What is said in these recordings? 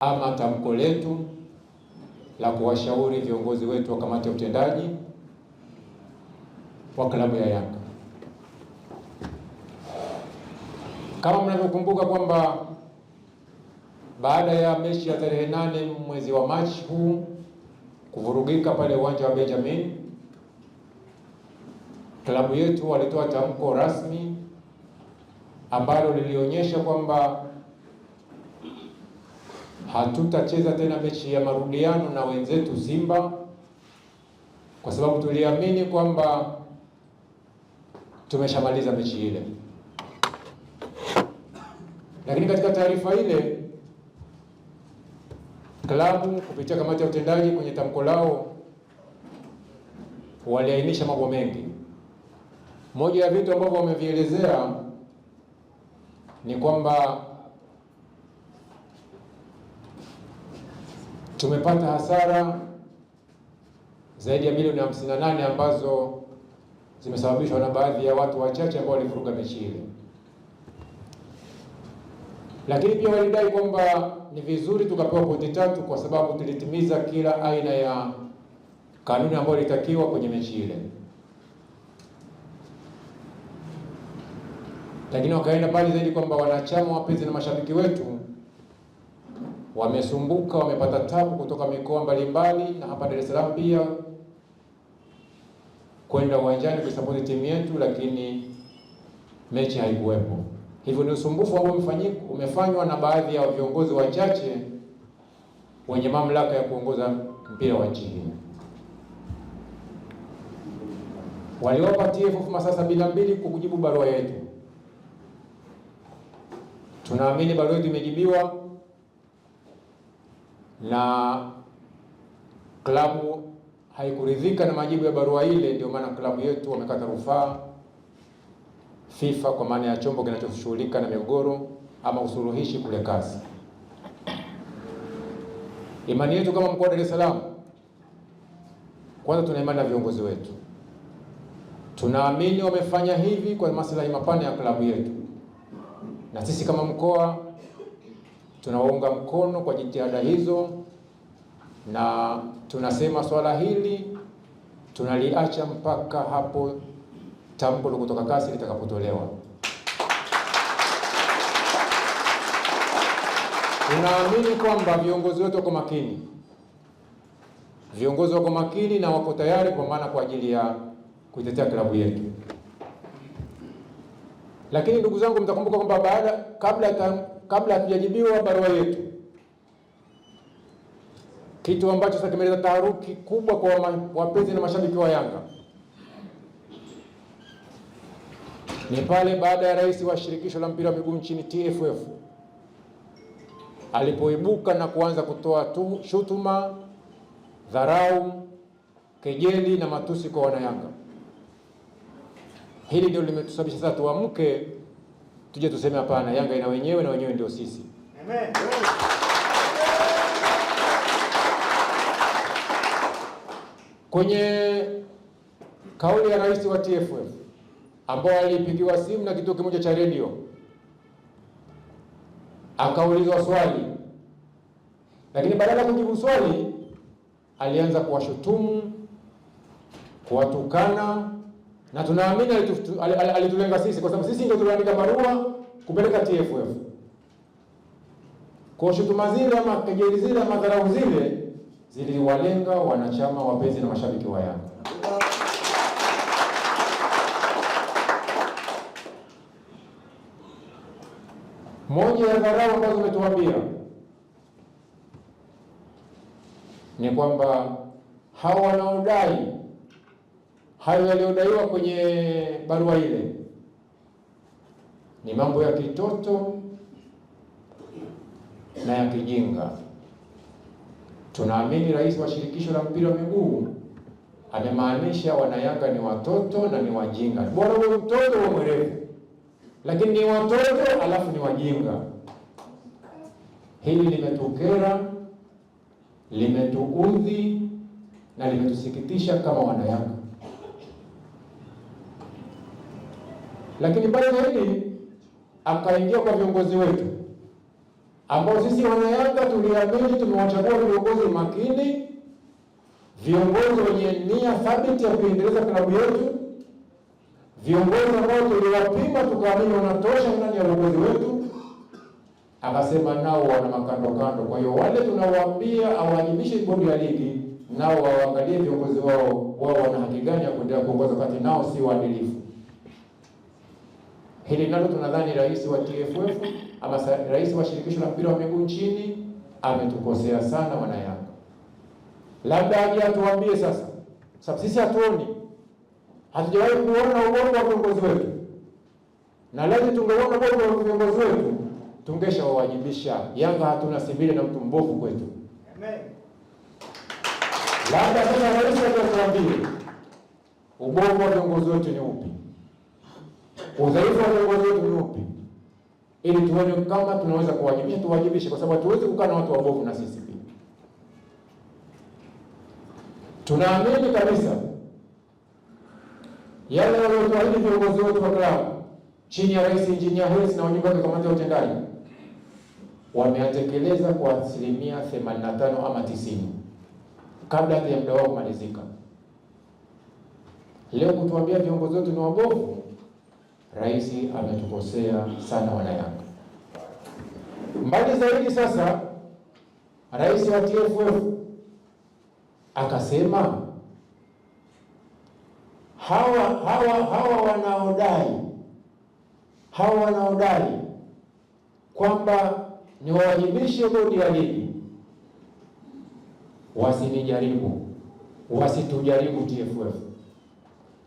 Ama tamko letu la kuwashauri viongozi wetu wa kamati ya utendaji wa klabu ya Yanga, kama mnavyokumbuka kwamba baada ya mechi ya tarehe nane mwezi wa Machi huu kuvurugika pale uwanja wa Benjamin, klabu yetu walitoa tamko rasmi ambalo lilionyesha kwamba hatutacheza tena mechi ya marudiano na wenzetu Simba kwa sababu tuliamini kwamba tumeshamaliza mechi ile, lakini katika taarifa ile klabu kupitia kamati ya utendaji kwenye tamko lao waliainisha mambo mengi. Moja ya vitu ambavyo wamevielezea ni kwamba tumepata hasara zaidi ya milioni 58 ambazo zimesababishwa na baadhi ya watu wachache ambao walivuruga mechi ile, lakini pia walidai kwamba ni vizuri tukapewa pointi tatu kwa sababu tulitimiza kila aina ya kanuni ambayo ilitakiwa kwenye mechi ile, lakini wakaenda mbali zaidi kwamba wanachama, wapenzi na mashabiki wetu wamesumbuka, wamepata tabu kutoka mikoa mbalimbali na hapa Dar es Salaam pia kwenda uwanjani kuisapoti timu yetu, lakini mechi haikuwepo. Hivyo ni usumbufu ambao umefanywa na baadhi ya viongozi wachache wenye mamlaka ya kuongoza mpira wa nchi hii. Waliwapa TFF masaa sabini na mbili kukujibu kujibu barua yetu. Tunaamini barua yetu imejibiwa na klabu haikuridhika na majibu ya barua ile. Ndio maana klabu yetu wamekata rufaa FIFA, kwa maana ya chombo kinachoshughulika na migogoro ama usuluhishi kule kazi. Imani yetu kama mkoa wa Dar es Salaam, kwanza tuna imani na viongozi wetu, tunaamini wamefanya hivi kwa maslahi mapana ya klabu yetu, na sisi kama mkoa tunawaunga mkono kwa jitihada hizo, na tunasema swala hili tunaliacha mpaka hapo tamko la kutoka kasi litakapotolewa. Tunaamini kwamba viongozi wetu wako makini, viongozi wako makini na wako tayari kwa maana kwa ajili ya kuitetea klabu yetu. Lakini ndugu zangu, mtakumbuka kwamba baada kabla ya kabla hatujajibiwa barua yetu, kitu ambacho sasa kimeleta taharuki kubwa kwa wapenzi na mashabiki wa Yanga ni pale baada ya rais wa shirikisho la mpira wa miguu nchini TFF alipoibuka na kuanza kutoa tu shutuma, dharau, kejeli na matusi kwa Wanayanga. Hili ndio limetusababisha sasa tuamke tuje tuseme hapana, Yanga ina wenyewe na wenyewe ndio sisi. Amen. Kwenye kauli ya rais wa TFF ambao alipigiwa simu na kituo kimoja cha redio akaulizwa swali, lakini badala ya kujibu swali alianza kuwashutumu, kuwatukana na tunaamini alitulenga sisi kwa sababu sisi ndio tuliandika barua kupeleka TFF. Kwa shutuma zile ama kejeli zile ama dharau zile ziliwalenga wanachama, wapenzi na mashabiki wa Yanga. Moja ya dharau ambazo umetuambia ni kwamba hawa wanaodai hayo yaliyodaiwa kwenye barua ile ni mambo ya kitoto na ya kijinga. Tunaamini rais wa shirikisho la mpira wa miguu amemaanisha wanayanga ni watoto na ni wajinga. Bora uwe mtoto wa mwerevu, lakini ni watoto alafu ni wajinga. Hili limetukera, limetuudhi na limetusikitisha kama wanayanga. Lakini mbali zaidi akaingia kwa viongozi wetu ambao sisi wanayanga tuliamini, tumewachagua viongozi makini, viongozi wenye nia thabiti ya kuendeleza klabu yetu, viongozi ambao tuliwapima tukaamini wanatosha ndani ya uongozi wetu. Akasema nao wana makandokando, kwa hiyo wale tunawaambia awajibishe bodi ya ligi nao waangalie viongozi wao, wao wana haki gani ya kuendelea kuongoza, wakati nao si waadilifu. Hili nalo tunadhani rais wa TFF ama rais wa shirikisho la mpira wa miguu nchini ametukosea sana wana wanayanga. Labda aje atuambie sasa, sababu sisi hatuoni, hatujawahi kuona ubongo wa viongozi wetu, na leo tungeona ubongo wa viongozi wetu tungeshawawajibisha. Yanga hatuna sibili na mtu mbovu kwetu. Amen. Labda sasa rais atuambie ubongo wa viongozi wetu ni upi? Udhaifu wa viongozi wetu ni upi, ili tuone kama tunaweza kuwajibisha, tuwajibishe, kwa sababu hatuwezi kukaa na watu wabovu. Na sisi pia tunaamini kabisa yale waliotuahidi viongozi wetu wa klabu chini ya Rais Engineer Hersi na wajumbe wa kamati ya utendaji wameyatekeleza kwa asilimia 85 ama 90 kabla ya muda wao kumalizika. Leo kutuambia viongozi wetu ni wabovu Rais ametukosea sana wanayanga. Mbali zaidi sasa, rais wa TFF akasema hawa hawa hawa wanaodai hawa wanaodai kwamba niwawajibishe bodi ya ligi wasinijaribu, wasitujaribu TFF,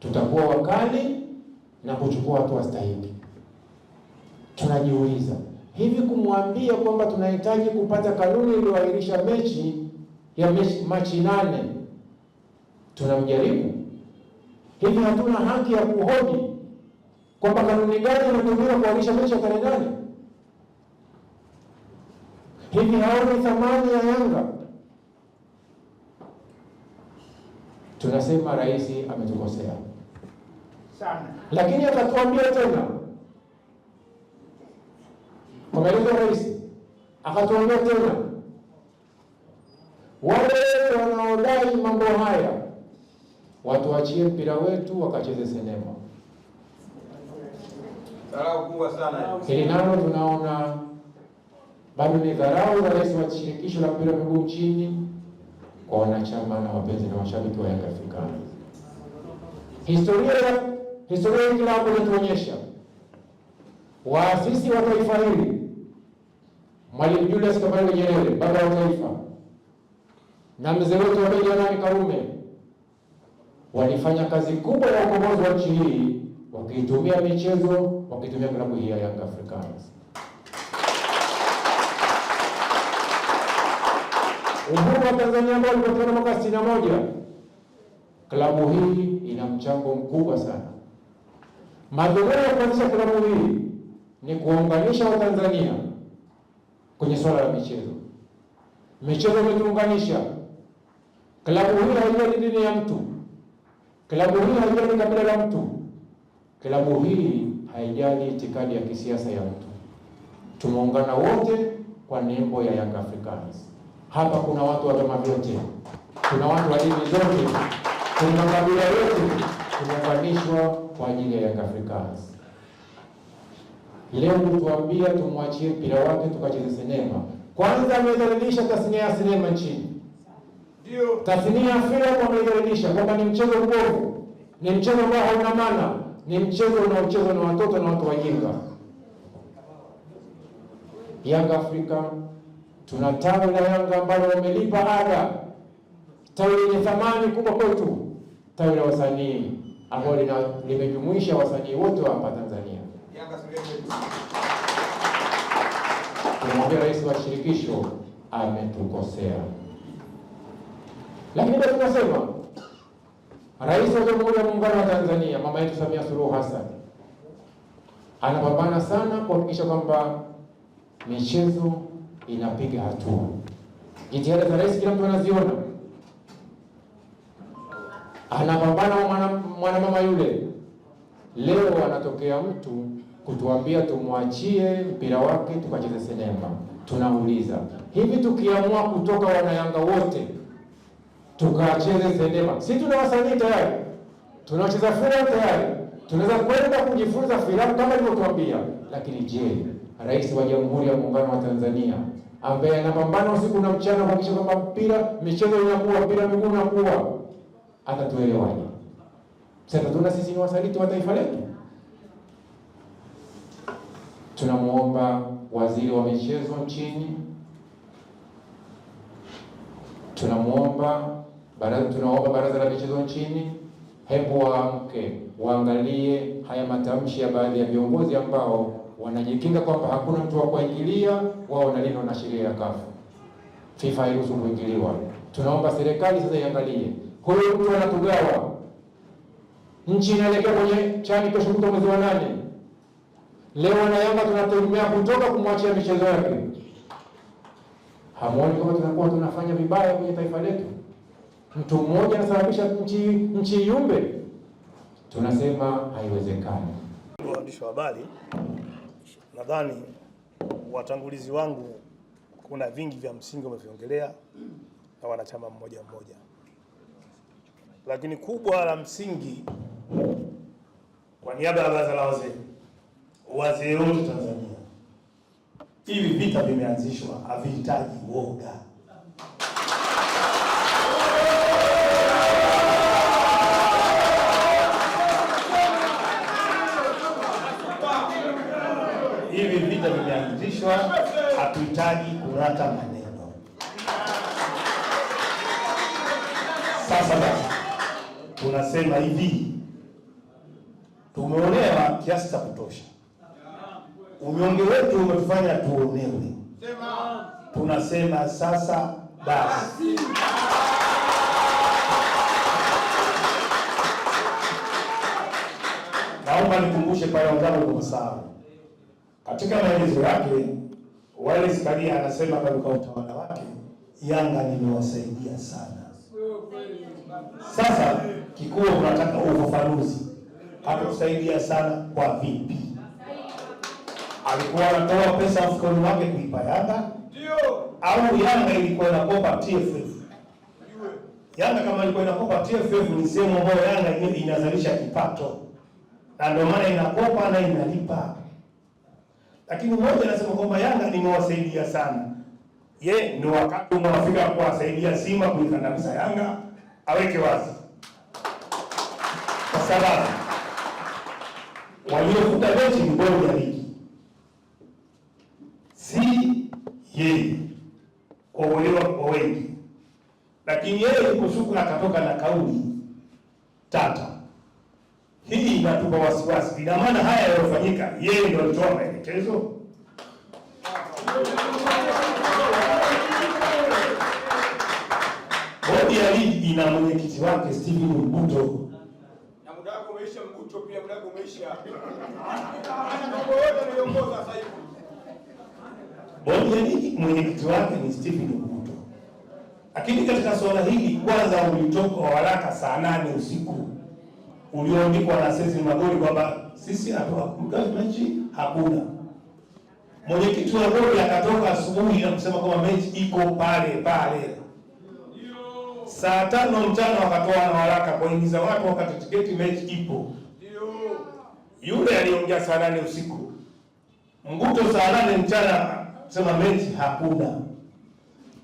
tutakuwa wakali na kuchukua hatua stahiki. Tunajiuliza, hivi kumwambia kwamba tunahitaji kupata kanuni iliyoahirisha mechi ya Machi nane, tunamjaribu hivi? Hatuna haki ya kuhoji kwamba kanuni gani inatumika kuahirisha mechi ya tarehe nane? Hivi haoni thamani ya Yanga? Tunasema rais ametukosea sana, lakini akatuambia tena, mwangalizo rais akatuambia tena, wale wanaodai mambo haya watuachie mpira wetu wakacheze sinema. Dharau kubwa sana hili nalo tunaona bado ni dharau ya rais wa shirikisho la mpira miguu nchini kwa wanachama na wapenzi na washabiki wa Yanga Afrika. Historia Historia hii kila hapo inatuonyesha waasisi wa taifa hili Mwalimu Julius Kambarage Nyerere, baba wa taifa, na mzee wetu wa Benjamin Karume walifanya kazi kubwa ya ukombozi wa nchi hii wakiitumia michezo, wakiitumia klabu hii ya Young Africans. Uhuru wa Tanzania ambao ulipatikana mwaka 61 klabu hii ina mchango mkubwa sana. Madhumuni ya kuanzisha klabu hii ni kuwaunganisha Watanzania kwenye swala la michezo. Michezo imetuunganisha. Klabu hii haijali dini ya mtu, klabu hii haijali kabila la mtu, klabu hii haijali itikadi ya kisiasa ya mtu. Tumeungana wote kwa nembo ya Young Africans. Hapa kuna watu wa vyama vyote, kuna watu wa dini zote, kuna kabila yote tumepandishwa kwa ajili ya Young Africans. Leo kutuambia tumwachie mpira wake tukacheze sinema. Kwanza ameidhalilisha tasnia ya sinema nchini, ndio tasnia ya filamu ameidhalilisha kwamba ni mchezo mbovu, ni mchezo ambao hauna maana, ni mchezo unaochezwa na watoto na watu wajinga. Young Africa tuna tawi la Yanga ambalo wamelipa ada, tawi lenye thamani kubwa kwetu, tawi la wasanii ambayo limejumuisha wasanii wote wa hapa Tanzania. Tumwambia rais wa shirikisho ametukosea, lakini basi tunasema rais wa Jamhuri ya Muungano wa Tanzania, mama yetu Samia Suluhu Hassan anapambana sana kuhakikisha kwamba michezo inapiga hatua. Jitihada za rais kila mtu anaziona, anapambana mwanamama yule. Leo anatokea mtu kutuambia tumwachie mpira wake tukacheze sinema. Tunauliza, hivi tukiamua kutoka wanayanga wote tukacheze sinema, si tuna wasanii tayari, tunacheza filamu tayari, tunaweza kwenda kujifunza filamu kama ilivyotuambia. Lakini je, Rais wa Jamhuri ya Muungano wa Tanzania ambaye anapambana usiku na mchana kuhakikisha kwamba mpira michezo inakuwa mpira miguu inakuwa, atatuelewaje? tuna sisi ni wasaliti wa taifa letu. Tunamwomba waziri wa michezo nchini, tunamwomba baraza, tunaomba baraza la michezo nchini, hebu waamke, waangalie haya matamshi ya baadhi ya viongozi ambao wanajikinga kwamba hakuna mtu wa kuingilia, wao wanalindwa na sheria ya kafu. FIFA hairuhusu kuingiliwa. Tunaomba serikali sasa iangalie, huyo mtu anatugawa nchi inaelekea kwenye chani kesho mwezi wa nane. Leo na Yanga tunategemea kutoka kumwachia michezo yake. Hamuoni kama tunakuwa tunafanya vibaya kwenye taifa letu? Mtu mmoja anasababisha nchi nchi yumbe, tunasema haiwezekani. Waandishi wa habari, nadhani watangulizi wangu kuna vingi vya msingi wameviongelea na wanachama mmoja mmoja, lakini kubwa la msingi kwa niaba ya baraza la wazee, wazee wote Tanzania, hivi vita vimeanzishwa, havihitaji woga. Hivi vita vimeanzishwa, hatuhitaji kurata maneno. Sasa basi tunasema hivi tumeonewa kiasi cha kutosha. Unyonge wetu umefanya tuonewe, tunasema sasa basi. Naomba nikumbushe pale wenzangu kwa katika maelezo yake Wallace Karia anasema katika utawala wake Yanga nimewasaidia sana. Sasa kikubwa unataka ufafanuzi ametusaidia sana. Kwa vipi? Alikuwa anatoa pesa mfukoni wake kuipa Yanga au Yanga ilikuwa inakopa TFF? Yanga kama ilikuwa inakopa TFF, ni sehemu ambayo Yanga inazalisha kipato, na ndio maana inakopa na inalipa. Lakini mmoja anasema kwamba Yanga nimewasaidia sana. Ye, ni wakati umewafika kuwasaidia Simba kuikandamiza Yanga, aweke wazi kwa sababu waliofuta mechi ni bodi ya ligi, si yeye, kwa uelewa kwa wengi. Lakini yeye kusuku akatoka na kauli tata. Hii inatupa wasiwasi. Ina maana haya yaliyofanyika, yeye ndio alitoa maelekezo bodi ya ligi ina mwenyekiti wake Steven Mbuto kuisha yote Bodi mwenyekiti wake ni Stephen Mbuto, lakini katika suala hili kwanza ulitoka waraka saa nane usiku ulioandikwa na Sesi Magori kwamba sisi hatuakumkazi mechi hakuna. Mwenyekiti wa bodi akatoka asubuhi na kusema kwamba mechi iko pale pale saa tano mchana wakatoa na waraka kuingiza watu wakati tiketi mechi ipo yule aliongea saa nane usiku, Mguto saa nane mchana, sema mechi hakuna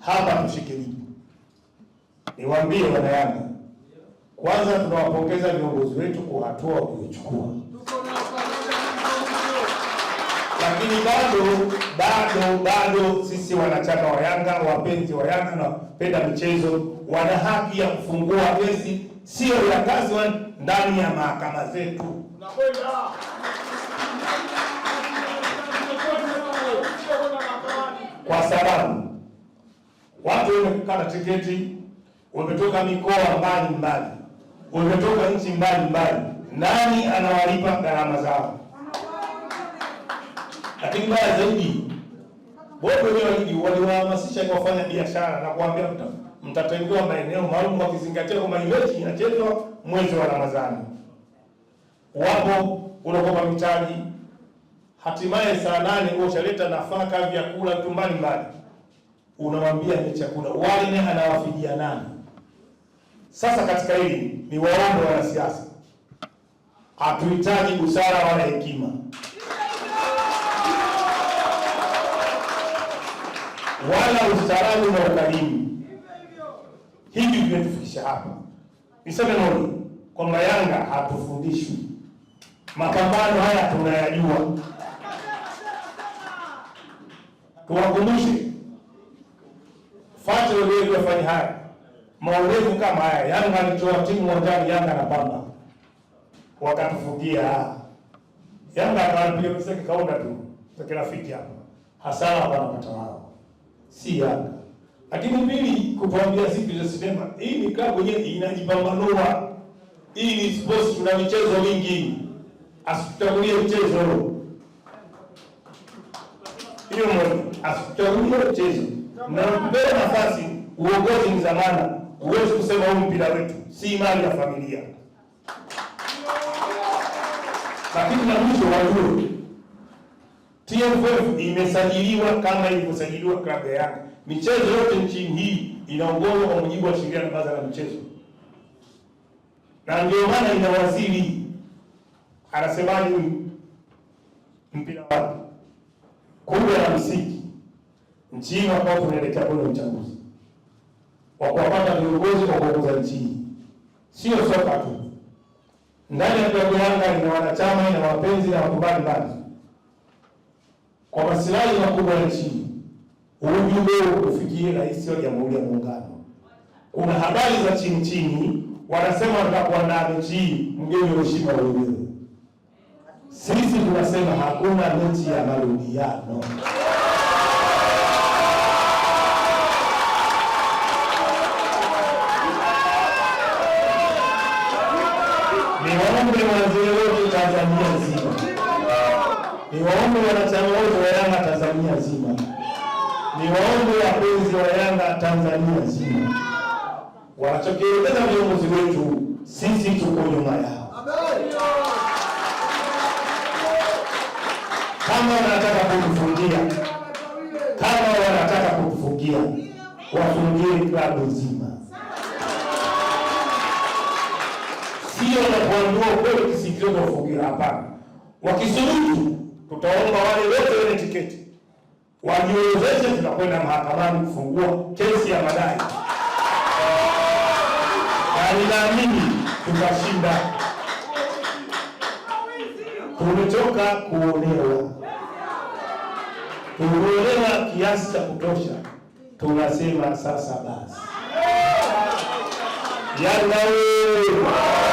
hapa, tushikilie. Niwaambie wanayanga, kwanza tunawapongeza viongozi wetu kwa hatua waliochukua, lakini bado bado bado sisi wanachama wa Yanga, wapenzi wa Yanga na michezo, wana haki ya kufungua kesi sio yakazwe ndani ya mahakama zetu. Kwa sababu watu wamekukata tiketi, wametoka mikoa mbalimbali, wametoka nchi mbalimbali, nani anawalipa gharama zao? Lakini baya zaidi, wenyewe waliwahamasisha wafanya biashara na kuambia mtatengua maeneo maalum wakizingatia kwamba mechi inachezwa mwezi wa Ramadhani. Wapo unakopa mitaji, hatimaye saa nane huo utaleta nafaka, vyakula, vitu mbalimbali, unawambia ni chakula wale, anawafidia nani? Sasa katika hili ni waombe wanasiasa, hatuhitaji busara wala hekima wala ustaarabu na ukarimu hivi vimetufikisha hapa. Niseme nani kwamba Yanga hatufundishwi, mapambano haya tunayajua. Tuwakumbushe fati ulevu haya maurevu kama haya. Yanga alitoa timu uwanjani, Yanga na Pamba wakatufungia. Yanga akawapiga kiseke kaunda tu, kirafiki hapa, hasara wanapata wao, si Yanga. Lakini mimi kutuambia siku zilizosema hii ni klabu yenyewe inajipambanua. Hii ni sports, tuna michezo mingi, asituchagulie mchezo hiyo moja, asituchagulie mchezo na mpewe nafasi. Uongozi ni zamana, huwezi kusema huu mpira wetu si mali ya familia, lakini na mwisho wajue TFF imesajiliwa kama ilivyosajiliwa klabu ya Yanga. Michezo yote nchini hii inaongozwa kwa mujibu wa sheria na baraza la michezo, na ndio maana ina waziri anasemaje, mpira wapi Kumbe na msiki nchini, ambao tunaelekea kwenye uchaguzi wa kuwapata viongozi kwa kuongoza nchi hii, sio soka tu. Ndani ya klabu ya Yanga ina wanachama, ina wapenzi na watu mbalimbali kwa maslahi makubwa ya nchi, ujumbe huu ufikie Rais wa Jamhuri ya Muungano. Kuna habari za chini chini wanasema watakuandaa mechi hii, mgeni heshima wenyewe. Sisi tunasema hakuna mechi ya marudiano. Niwaombe wazee wote Tanzania ni waombe wanachama wote wa Yanga Tanzania zima, waombe wapenzi wa Yanga Tanzania zima, wanachokielekeza viongozi wetu, sisi tuko nyuma yao. Kama wanataka kutufungia, kama wanataka kutufungia, wafungie klabu nzima, sio nakuambiwa kweli kisikio kufungia. Hapana, wakisubiri tutaomba wale wote wenye tiketi wajiozeshe, tunakwenda mahakamani kufungua kesi ya madai, na ninaamini tutashinda. Tumetoka kuonewa, tumeonewa kiasi cha kutosha, tunasema sasa basi, Yanga